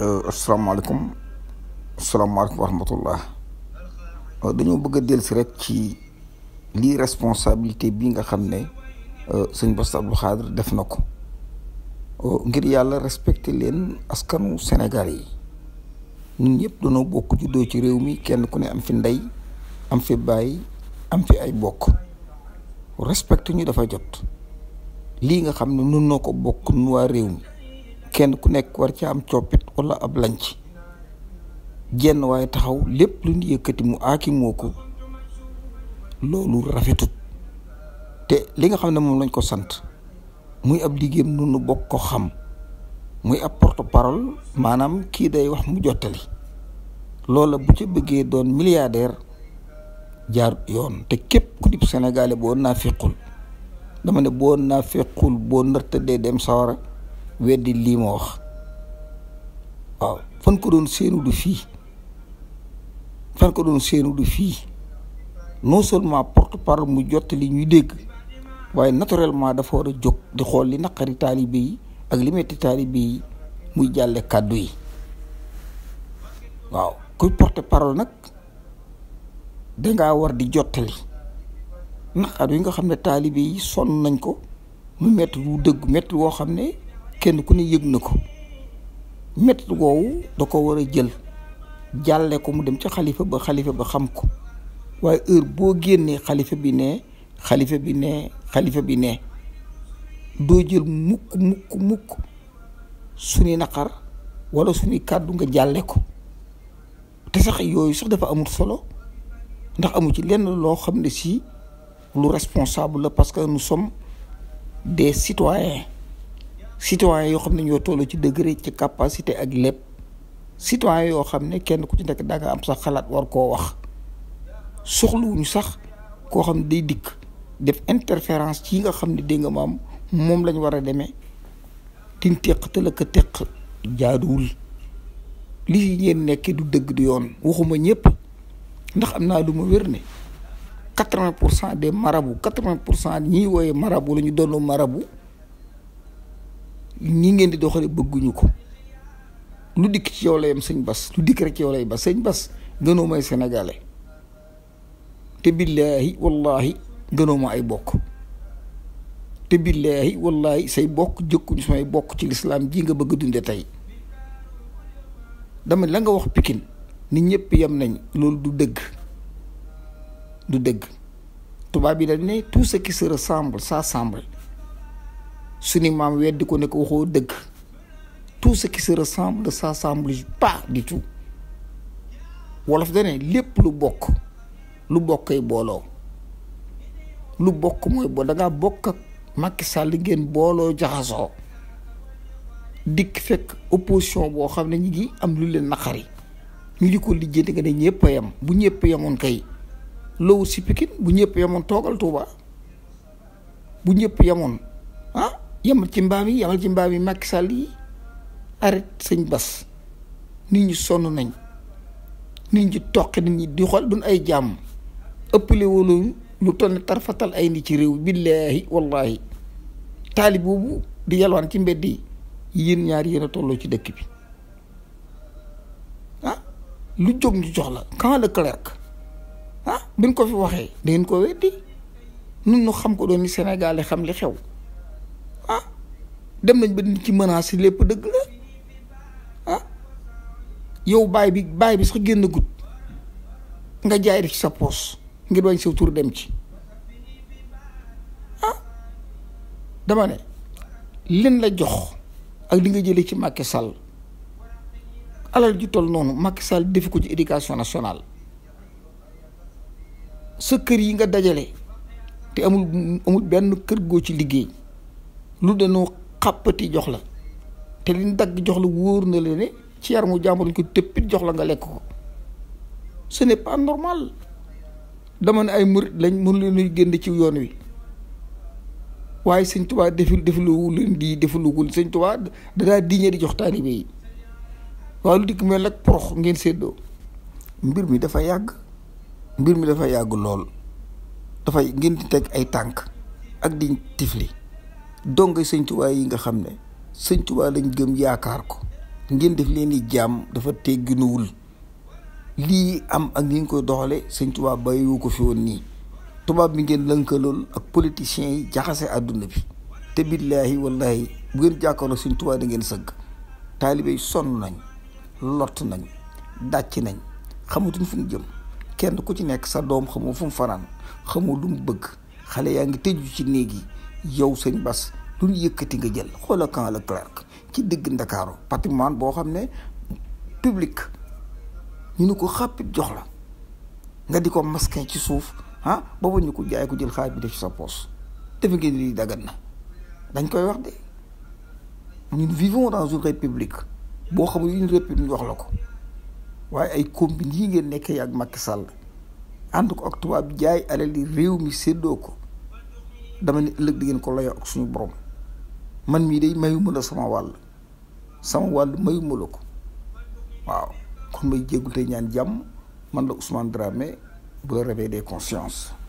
Euh, asalaamaaleykum asalaamaaleykum wa rahmatullah euh, dañoo bëgg a si rek ci lii responsabilité bi nga xam ne euh, sëñ Bass Abdou Khadre def na ko ngir yàlla respecté leen askanu senegal yi ñun ñëpp dañoo bokk juddoo ci réew mi kenn ku ne am fi ndey am fi baay am fi ay bokk respecté ñu dafa jot lii nga xam ne nun noo ko bokk nun waa réew mi kenn ku nekk war ci am coppit wala ab lanc jenn waaye taxaw lépp lu ñu yëkkati mu aaki moo ko loolu rafetut te li nga xam ne moom lañ ko sant muy ab liggéeyam noonu bokk ko xam muy ab porte parole maanaam kii day wax mu jottali loola bu ca bëggee doon milliardaire jaar yoon te képp ku dib Sénégalais boo naa féqul dama ne boo naa féqul boo dee dem sawara weddi lii ma wax waaw fan ko doon séenu du fii fan ko doon séenu du fii non seulement porte parole mu jot li ñuy dégg waaye naturellement dafa war a jóg di xool li naqari taalibe yi ak li metti taalibe yi muy jàlle kàddu yi waaw kuy porte parole nag dangaa war di jottali naqar yi nga xam ne taalibe yi sonn nañ ko mu metti wu dëgg metti woo xam ne kenn ku ne yëg na ko métt woowu da ko war a jël jàlle ko mu dem ca xalifa ba xalifa ba xam ko waaye heure boo génnee xalifa bi ne xalifa bi ne xalifa bi ne doo jël mukk mukk mukk suñu naqar wala suñu kàddu nga jàlle ko te sax yooyu sax dafa amul solo ndax amu ci lenn loo xam ne si lu responsable la parce que nu sommes des citoyens citoyen yoo xam ne ñoo toll ci degré ci capacité ak lépp citoyen yoo xam ne kenn ku ci nekk da nga am sax xalaat war koo wax soxluwuñu sax koo xam ne day dikk def interférence ci nga xam ne dégg nga maam moom lañu war a demee di teq te la ko teq jaaduwul li ngeen nekkee du dëgg du yoon waxuma ñëpp ndax am naa lu ma wér ne quatre-vingt pour cent des marabu quatre-vingt pour cent ñiy wooye marabu la ñu doon marabu ñi ngeen di doxale bëgguñu ko lu dikk ci yow la yem sëñ bas lu dikk rek ci lay bas sëñ bas gënoo may sénégalais te billaahi wallaahi gënoo ma ay bokk te billaahi wallaahi say bokk jëkkuñu samay bokk ci lislaam ji nga bëgg dunde tey dama la nga wax pikin nit ñëpp yem nañ loolu du dëgg du dëgg tubaab yi dañ ne tout ce qui se ressemble s'assemble suñu maam weddi ko ne ko waxoo dëgg tout ce qui se ressemble ne s'assemble pas du tout wolof dane lépp lu bokk lu bokkay booloo lu bokk mooy boo da bokk ak Macky Sall li ngeen booloo jaxasoo dikk fekk opposition boo xam ne ñu ngi am lu leen naqari ñu di ko lijjanti nga ne ñëpp a yem bu ñëpp yemoon kay lowu si Pikine bu ñëpp yemoon toogal Touba bu ñëpp yemoon ah, yemal ci mbaam yi yemal ci mbaam yi Macky Sall yi arrêté sëñ bas nit ñi sonn nañ nit ñi toq nit ñi di xool duñ ay jàmm ëppale wala lu toll tarfatal ay nit ci réew billaahi wallaahi taalib boobu di yalwaan ci mbedd yi yéen ñaar yéen a tolloo ci dëkk bi ah lu jóg ñu jox la quand le clerc ah ko fi waxee dangeen ko weddi nun ñu xam ko doon ni Sénégal xam li xew dem nañ ba nit ki si lépp dëgg la ah, yow baay bi baay bi sax génn gut nga jaay ci sa poos ngir bañ sa tur dem ci ah dama ne leen la jox ak li nga jëlee ci Macky Sall alal ju toll noonu Macky Sall defi ko ci éducation nationale sa kër yi nga dajale te amul amul benn kër goo ci liggéey lu danoo xàppati jox la te liñ dagg jox la wóor na la ne ci yar mu jàmbur ñu ko tëppit jox la nga lekk ko ce n'est pas normal dama ne ay murit lañ mën leen génn ci yoon wi waaye sëñ tubaa deful defulu leen di defulugul sëñ tubaa dadaa diñee di jox taalibe yi waaye lu dikk mel nag porox ngeen séddoo mbir mi dafa yàgg mbir mi dafa yàgg lool dafay ngeen di teg ay tànk ak di tifli donga sëñ yi nga xam ne sëñ Tuubaa gëm yaakaar ko ngeen def leen i jaam dafa tegginuwul lii am ak ni ñu koy doxale sëñ Tuubaa bàyyiwu ko fi woon nii tubaab bi ngeen lënkalool ak politiciens yi jaxase àdduna bi te billaahi wallaahi bu ngeen jàkkaarloo sëñ Tuubaa da ngeen sëgg taalibe sonn nañ lott nañu dàcc nañ xamatuñ fu jëm kenn ku ci nekk sa doom xamoo fu mu fanaan xamoo lu bëgg xale yaa ngi tëju ci néeg yi yow sëñ Bas lu ñu yëkkati nga jël xoola la Leclerc ci digg Ndakaaru patrimoine boo xam ne public ñu ni ko xàppit jox la nga di ko masquer ci suuf ah booba ñu ko jaay ko jël xaaj bi def ci sa poos defe ngeen lii dagan na dañ koy wax de ñun vivons dans une république boo xamul une république wax la ko waaye ay combine yi ngeen nekkee ak Macky Sall ànd ko ak tubaab jaay alal li réew mi seddoo ko dama ne ëllëg di ngeen ko layoo ak suñu borom man mii day mayuma la sama wàll sama wàll mayuma la ko waaw kon may jéggul te ñaan jàmm man la Ousmane Dramé bu la réveil des consciences